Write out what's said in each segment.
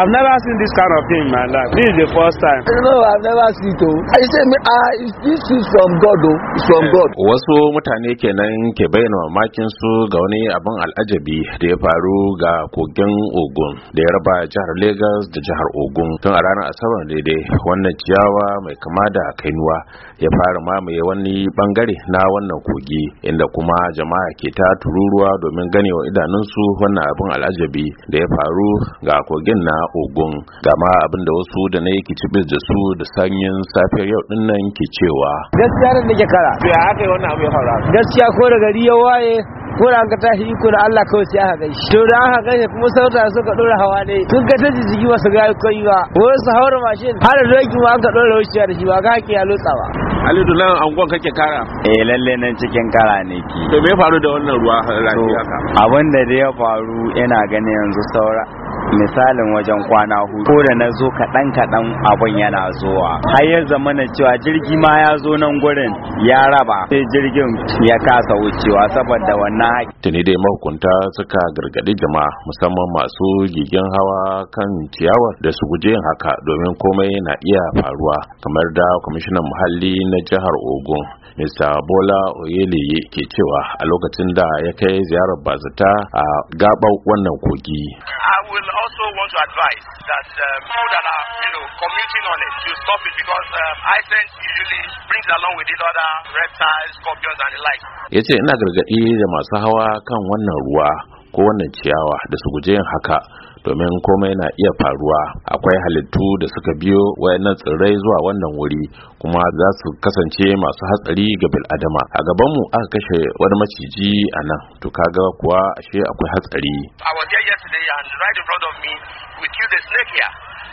I've never seen this kind of thing in my life. This is the first time. No, I've never seen it. Oh. I say, uh, this is from God, though. It's from eh, God. Wasu mutane kenan ke bayyana mamakin su ga wani abin al'ajabi da ya faru ga kogin Ogun da ya raba jihar Lagos da jihar Ogun. Tun a ranar Asabar daidai wannan ciyawa mai kama da kainuwa ya fara mamaye wani bangare na wannan kogi inda kuma jama'a ke ta tururuwa domin ganewa idanunsu wannan abin al'ajabi da ya faru ga kogin na ogun gama abin da wasu da na yake cibir da su da sanyin safiyar yau din nan ke cewa gaskiya da nake kara to ya aka yi wannan abu ya faru gaskiya ko da gari ya waye ko da an ka tashi iko da Allah kawai sai aka gaishe to da aka gaishe kuma sauta suka dora hawa ne tun ga taji jiki wasu ga kai ba wai su haura mashin har da doki ma aka dora wuciya da shi ba ga ke ya lotsa ba Halidu nan angon kake kara? Eh lalle nan cikin kara ne ki. To me faru da wannan ruwa lafiya ka Abin da ya faru ina ganin yanzu saura misalin wajen kwana hudu ko da na zo kaɗan kaɗan abun yana zuwa har ya zama na cewa jirgi ma ya zo nan gurin ya raba sai jirgin ya kasa wucewa saboda wannan haƙi. tuni dai mahukunta suka gargaɗi jama'a musamman masu gigin hawa kan ciyawar da su guje yin haka domin komai na iya faruwa kamar da kwamishinan muhalli na jihar ogun mr bola oyeleye ke cewa a lokacin da ya kai ziyarar bazata a gaɓar wannan kogi. advise that um, people that are, you know, commuting on it should stop it because um, Iceland usually brings along with it other reptiles, scorpions, and the like. ko wannan ciyawa da su guje yin haka domin komai na iya faruwa akwai halittu da suka biyo wayannan tsirrai zuwa wannan wuri kuma za su kasance masu hatsari ga bil'adama a gaban mu aka kashe wani maciji a nan to kaga kuwa ashe akwai hatsari yesterday and right in front of me with you snake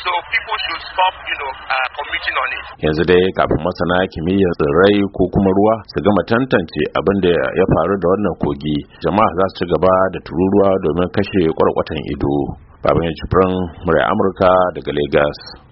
so people should stop you know uh, committing on it yanzu dai kafin masana kimiyyar tsirrai ko kuma ruwa su gama tantance abin da ya faru da wannan kogi jama'a za su ci gaba da tururuwa domin kashe kwarkwatan ido babban jibrin murai amurka daga lagos